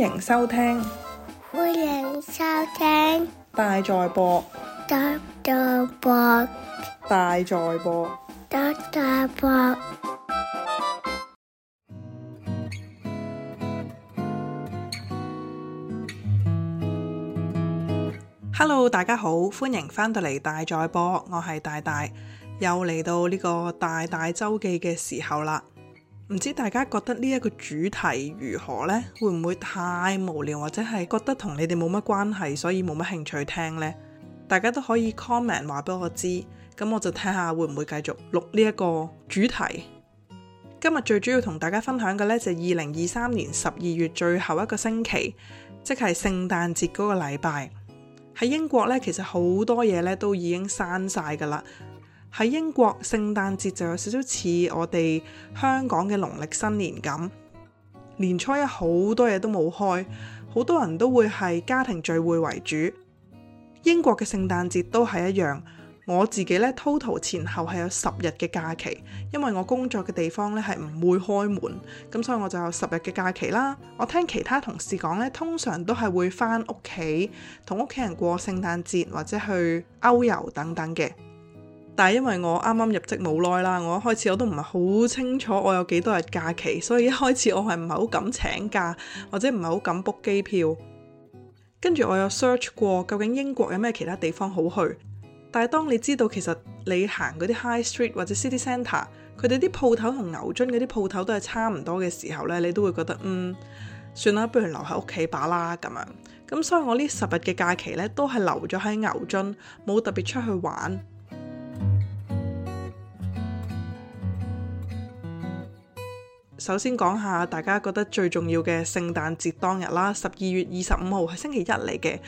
歡迎收聽，歡迎收聽，大在播，大在播，Hello，大家好，歡迎返到嚟大在播，我係大大，又嚟到呢個大大周記嘅時候啦。唔知大家覺得呢一個主題如何呢？會唔會太無聊，或者係覺得同你哋冇乜關係，所以冇乜興趣聽呢？大家都可以 comment 話俾我知，咁我就睇下會唔會繼續錄呢一個主題。今日最主要同大家分享嘅呢，就係二零二三年十二月最後一個星期，即係聖誕節嗰個禮拜喺英國呢，其實好多嘢呢都已經刪晒噶啦。喺英國聖誕節就有少少似我哋香港嘅農曆新年咁，年初一好多嘢都冇開，好多人都會係家庭聚會為主。英國嘅聖誕節都係一樣，我自己咧 total 前後係有十日嘅假期，因為我工作嘅地方咧係唔會開門，咁所以我就有十日嘅假期啦。我聽其他同事講咧，通常都係會返屋企同屋企人過聖誕節，或者去歐遊等等嘅。但係因為我啱啱入職冇耐啦，我一開始我都唔係好清楚我有幾多日假期，所以一開始我係唔係好敢請假或者唔係好敢 book 機票。跟住我有 search 過究竟英國有咩其他地方好去。但係當你知道其實你行嗰啲 high street 或者 city centre，佢哋啲鋪頭同牛津嗰啲鋪頭都係差唔多嘅時候呢，你都會覺得嗯算啦，不如留喺屋企把啦咁樣。咁所以我呢十日嘅假期呢，都係留咗喺牛津，冇特別出去玩。首先講下大家覺得最重要嘅聖誕節當日啦，十二月二十五號係星期一嚟嘅，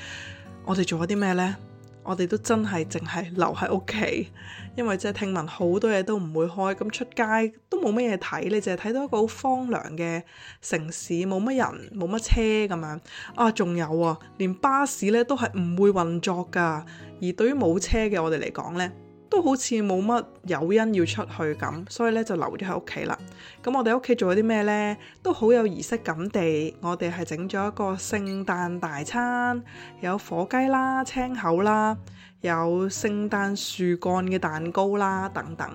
我哋做咗啲咩呢？我哋都真係淨係留喺屋企，因為即係聽聞好多嘢都唔會開，咁出街都冇乜嘢睇，你淨係睇到一個好荒涼嘅城市，冇乜人，冇乜車咁樣。啊，仲有啊，連巴士咧都係唔會運作噶。而對於冇車嘅我哋嚟講呢，都好似冇乜誘因要出去咁，所以咧就留咗喺屋企啦。咁我哋屋企做咗啲咩呢？都好有儀式感地，我哋係整咗一個聖誕大餐，有火雞啦、青口啦，有聖誕樹幹嘅蛋糕啦，等等。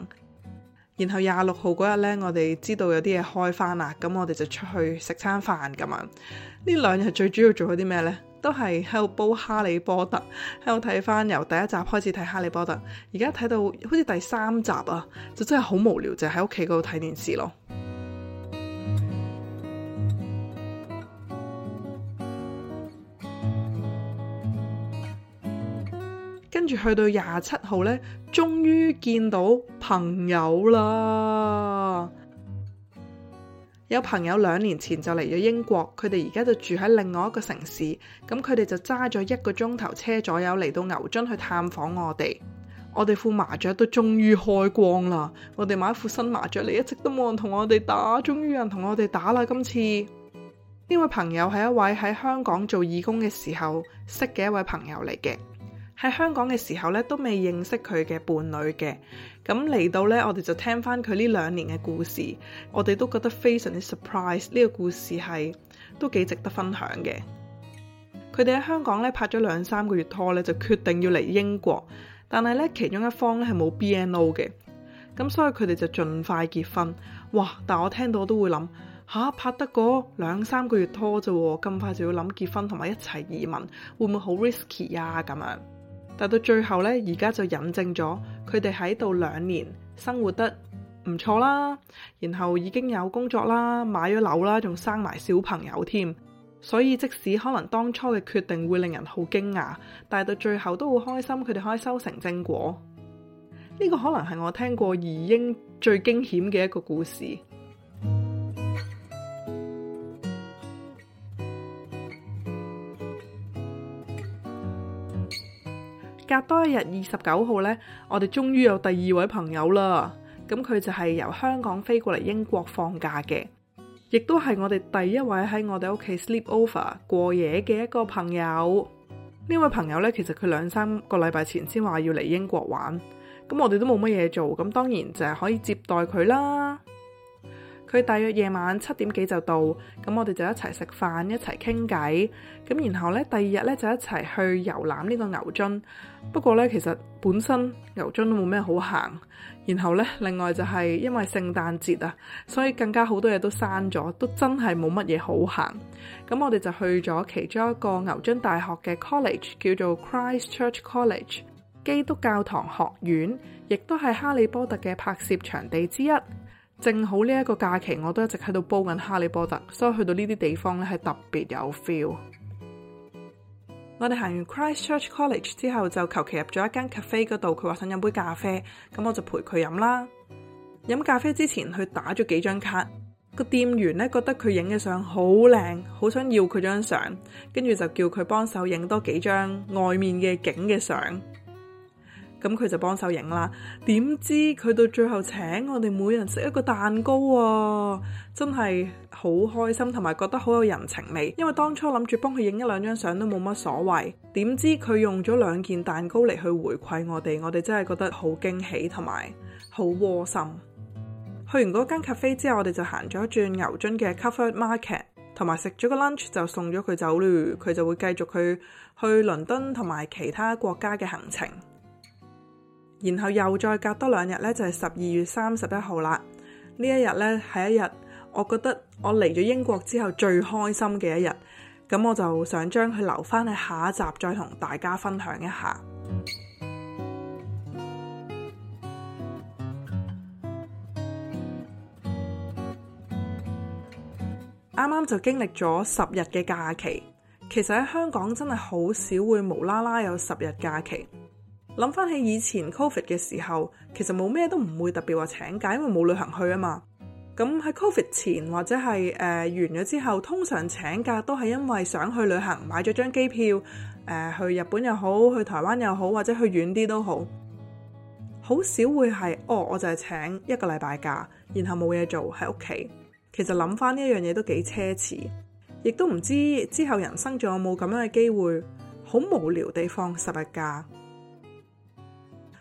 然後廿六號嗰日呢，我哋知道有啲嘢開翻啦，咁我哋就出去食餐飯咁樣。呢兩日最主要做咗啲咩呢？都係喺度煲《哈利波特》，喺度睇翻由第一集開始睇《哈利波特》，而家睇到好似第三集啊，就真係好無聊，就喺屋企嗰度睇電視咯。跟住去到廿七號呢。終於見到朋友啦！有朋友兩年前就嚟咗英國，佢哋而家就住喺另外一個城市，咁佢哋就揸咗一個鐘頭車左右嚟到牛津去探訪我哋。我哋副麻雀都終於開光啦！我哋買副新麻雀嚟，一直都冇人同我哋打，終於有人同我哋打啦！今次呢位朋友係一位喺香港做義工嘅時候識嘅一位朋友嚟嘅。喺香港嘅時候咧，都未認識佢嘅伴侶嘅。咁嚟到呢，我哋就聽翻佢呢兩年嘅故事，我哋都覺得非常之 surprise。呢個故事係都幾值得分享嘅。佢哋喺香港咧拍咗兩三個月拖咧，就決定要嚟英國。但係咧，其中一方咧係冇 BNO 嘅。咁所以佢哋就盡快結婚。哇！但我聽到都會諗吓，拍得嗰兩三個月拖咋喎，咁快就要諗結婚同埋一齊移民，會唔會好 risky 啊？咁樣。但到最後咧，而家就引證咗佢哋喺度兩年生活得唔錯啦，然後已經有工作啦，買咗樓啦，仲生埋小朋友添。所以即使可能當初嘅決定會令人好驚訝，但係到最後都好開心，佢哋可以修成正果。呢、這個可能係我聽過移英最驚險嘅一個故事。隔多一日，二十九號咧，我哋終於有第二位朋友啦。咁佢就係由香港飛過嚟英國放假嘅，亦都係我哋第一位喺我哋屋企 sleep over 過夜嘅一個朋友。呢位朋友咧，其實佢兩三個禮拜前先話要嚟英國玩，咁我哋都冇乜嘢做，咁當然就係可以接待佢啦。佢大約夜晚七點幾就到，咁我哋就一齊食飯，一齊傾偈，咁然後咧，第二日咧就一齊去遊覽呢個牛津。不過咧，其實本身牛津都冇咩好行。然後咧，另外就係因為聖誕節啊，所以更加好多嘢都閂咗，都真係冇乜嘢好行。咁我哋就去咗其中一個牛津大學嘅 college，叫做 Christ Church College，基督教堂學院，亦都係哈利波特嘅拍攝場地之一。正好呢一個假期，我都一直喺度煲緊《哈利波特》，所以去到呢啲地方咧，係特別有 feel。我哋行完 Christ Church College 之後，就求其入咗一間 cafe 嗰度，佢話想飲杯咖啡，咁我就陪佢飲啦。飲咖啡之前，佢打咗幾張卡，個店員咧覺得佢影嘅相好靚，好想要佢張相，跟住就叫佢幫手影多幾張外面嘅景嘅相。咁佢就幫手影啦。點知佢到最後請我哋每人食一個蛋糕喎，啊，真係好開心，同埋覺得好有人情味。因為當初諗住幫佢影一兩張相都冇乜所謂，點知佢用咗兩件蛋糕嚟去回饋我哋，我哋真係覺得好驚喜同埋好窩心。去完嗰間咖啡之後，我哋就行咗一轉牛津嘅 Covered Market，同埋食咗個 lunch 就送咗佢走啦。佢就會繼續去去倫敦同埋其他國家嘅行程。然後又再隔多兩日咧，就係十二月三十一號啦。呢一日咧係一日，一一我覺得我嚟咗英國之後最開心嘅一日。咁我就想將佢留翻去下一集，再同大家分享一下。啱啱 就經歷咗十日嘅假期，其實喺香港真係好少會無啦啦有十日假期。諗翻起以前，Covid 嘅時候，其實冇咩都唔會特別話請假，因為冇旅行去啊嘛。咁喺 Covid 前或者係誒、呃、完咗之後，通常請假都係因為想去旅行，買咗張機票誒、呃、去日本又好，去台灣又好，或者去遠啲都好。好少會係哦，我就係請一個禮拜假，然後冇嘢做喺屋企。其實諗翻呢一樣嘢都幾奢侈，亦都唔知之後人生仲有冇咁樣嘅機會，好無聊地放十日假。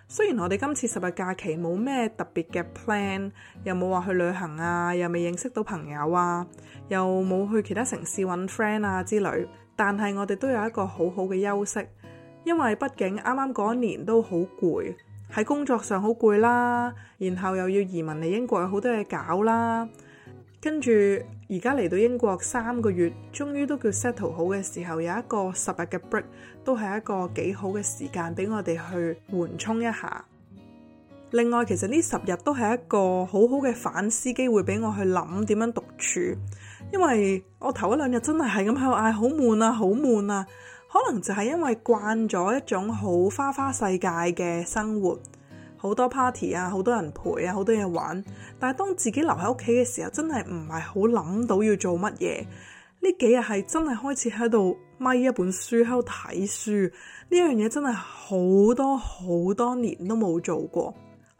雖然我哋今次十日假期冇咩特別嘅 plan，又冇話去旅行啊，又未認識到朋友啊，又冇去其他城市揾 friend 啊之類，但係我哋都有一個好好嘅休息，因為畢竟啱啱嗰一年都好攰，喺工作上好攰啦，然後又要移民嚟英國有好多嘢搞啦。跟住而家嚟到英國三個月，終於都叫 settle 好嘅時候，有一個十日嘅 break，都係一個幾好嘅時間俾我哋去緩衝一下。另外，其實呢十日都係一個好好嘅反思機會，俾我去諗點樣獨處。因為我頭一兩日真係係咁喺度嗌好悶啊，好悶啊！可能就係因為慣咗一種好花花世界嘅生活。好多 party 啊，好多人陪啊，好多嘢玩。但係當自己留喺屋企嘅時候，真係唔係好諗到要做乜嘢。呢幾日係真係開始喺度咪一本書，書，喺度睇書呢樣嘢真係好多好多年都冇做過。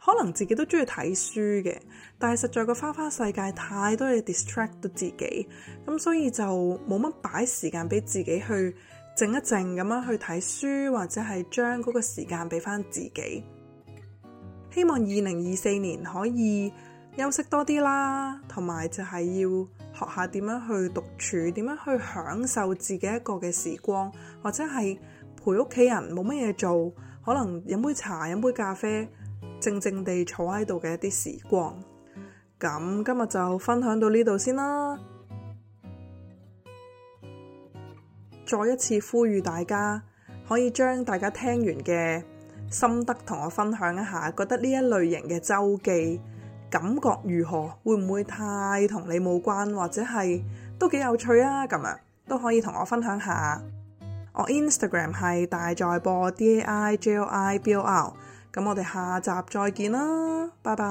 可能自己都中意睇書嘅，但係實在個花花世界太多嘢，distract 到自己咁，所以就冇乜擺時間俾自己去靜一靜咁樣去睇書，或者係將嗰個時間俾翻自己。希望二零二四年可以休息多啲啦，同埋就係要學下點樣去獨處，點樣去享受自己一個嘅時光，或者係陪屋企人冇乜嘢做，可能飲杯茶、飲杯咖啡，靜靜地坐喺度嘅一啲時光。咁今日就分享到呢度先啦，再一次呼籲大家可以將大家聽完嘅。心得同我分享一下，覺得呢一類型嘅周記感覺如何？會唔會太同你冇關，或者係都幾有趣啊？咁啊都可以同我分享下。我 Instagram 係大在播 D A I J O I B O R，咁我哋下集再見啦，拜拜。